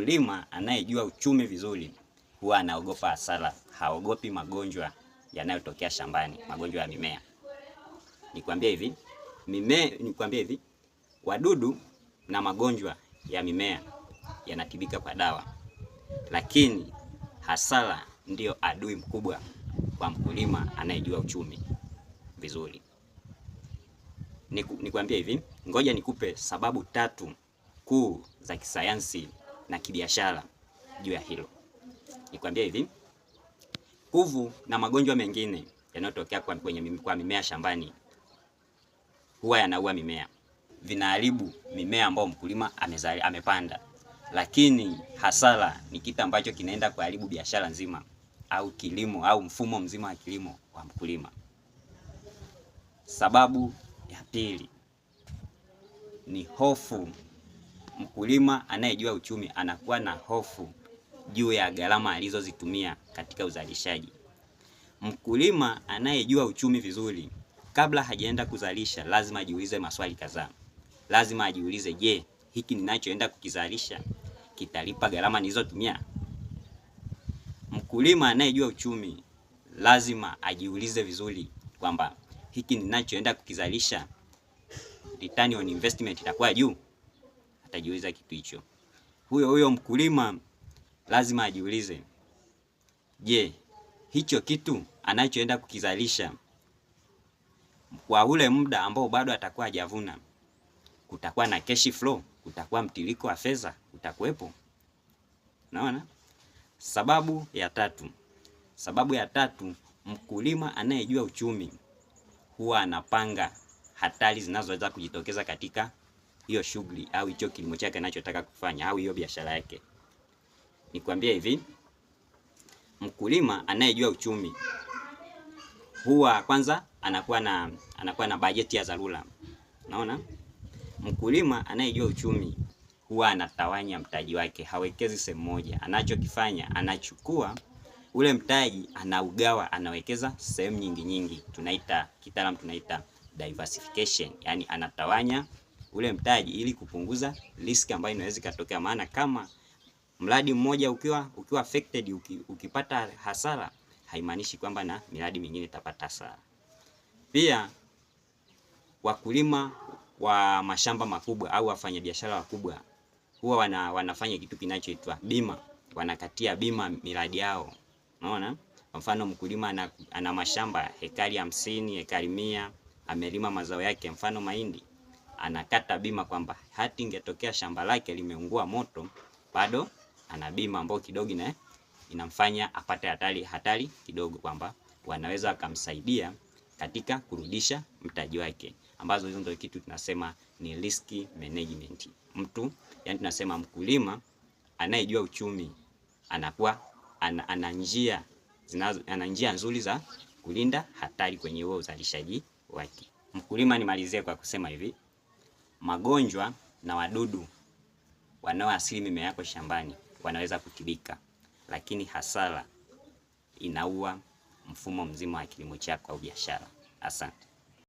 mkulima anayejua uchumi vizuri huwa anaogopa hasara, haogopi magonjwa yanayotokea shambani, magonjwa ya mimea. Nikwambie hivi mimea, nikwambie hivi wadudu na magonjwa ya mimea yanatibika kwa dawa, lakini hasara ndiyo adui mkubwa kwa mkulima anayejua uchumi vizuri. Nikwambie hivi, ngoja nikupe sababu tatu kuu za kisayansi na kibiashara juu ya hilo. Nikwambia hivi, kuvu na magonjwa mengine yanayotokea kwa, kwa mimea shambani huwa yanaua mimea, vinaharibu mimea ambayo mkulima amezali, amepanda, lakini hasara ni kitu ambacho kinaenda kuharibu biashara nzima au kilimo au mfumo mzima wa kilimo wa mkulima. Sababu ya pili ni hofu mkulima anayejua uchumi anakuwa na hofu juu ya gharama alizozitumia katika uzalishaji. Mkulima anayejua uchumi vizuri, kabla hajaenda kuzalisha, lazima ajiulize maswali kadhaa. Lazima ajiulize, je, hiki ninachoenda kukizalisha kitalipa gharama nilizotumia? Mkulima anayejua uchumi lazima ajiulize vizuri kwamba hiki ninachoenda kukizalisha return on investment itakuwa juu atajiuliza kitu hicho. Huyo huyo mkulima lazima ajiulize, je, hicho kitu anachoenda kukizalisha kwa ule muda ambao bado atakuwa hajavuna, kutakuwa na cash flow, kutakuwa mtiriko wa fedha utakuwepo? Naona Sababu ya tatu, sababu ya tatu, mkulima anayejua uchumi huwa anapanga hatari zinazoweza kujitokeza katika hiyo shughuli au hicho kilimo chake anachotaka kufanya au hiyo biashara yake. Nikwambie hivi, mkulima anayejua uchumi huwa kwanza anakuwa na anakuwa na bajeti ya dharura. Unaona, mkulima anayejua uchumi huwa anatawanya mtaji wake, hawekezi sehemu moja. Anachokifanya, anachukua ule mtaji anaugawa, anawekeza sehemu nyingi nyingi, tunaita kitaalamu, tunaita diversification, yani anatawanya ule mtaji ili kupunguza riski ambayo inaweza ikatokea, maana kama mradi mmoja ukiwa ukiwa affected uki, ukipata hasara haimaanishi kwamba na miradi mingine itapata hasara. Pia wakulima wa mashamba makubwa au wafanyabiashara wakubwa huwa wana, wanafanya kitu kinachoitwa bima, wanakatia bima miradi yao. Unaona, kwa mfano mkulima ana, ana mashamba hekari hamsini, hekari mia, amelima mazao yake, mfano mahindi anakata bima kwamba hata ingetokea shamba lake limeungua moto, bado ana bima ambayo kidogo na inamfanya apate hatari hatari kidogo, kwamba wanaweza wakamsaidia katika kurudisha mtaji wake, ambazo hizo ndio kitu tunasema ni risk management. Mtu yani, tunasema mkulima anayejua uchumi anakuwa ana, ana njia zinazo ana njia nzuri za kulinda hatari kwenye huo uzalishaji wake. Mkulima, nimalizie kwa kusema hivi magonjwa na wadudu wanaoasili mimea yako shambani wanaweza kutibika, lakini hasara inaua mfumo mzima wa kilimo chako au biashara. Asante.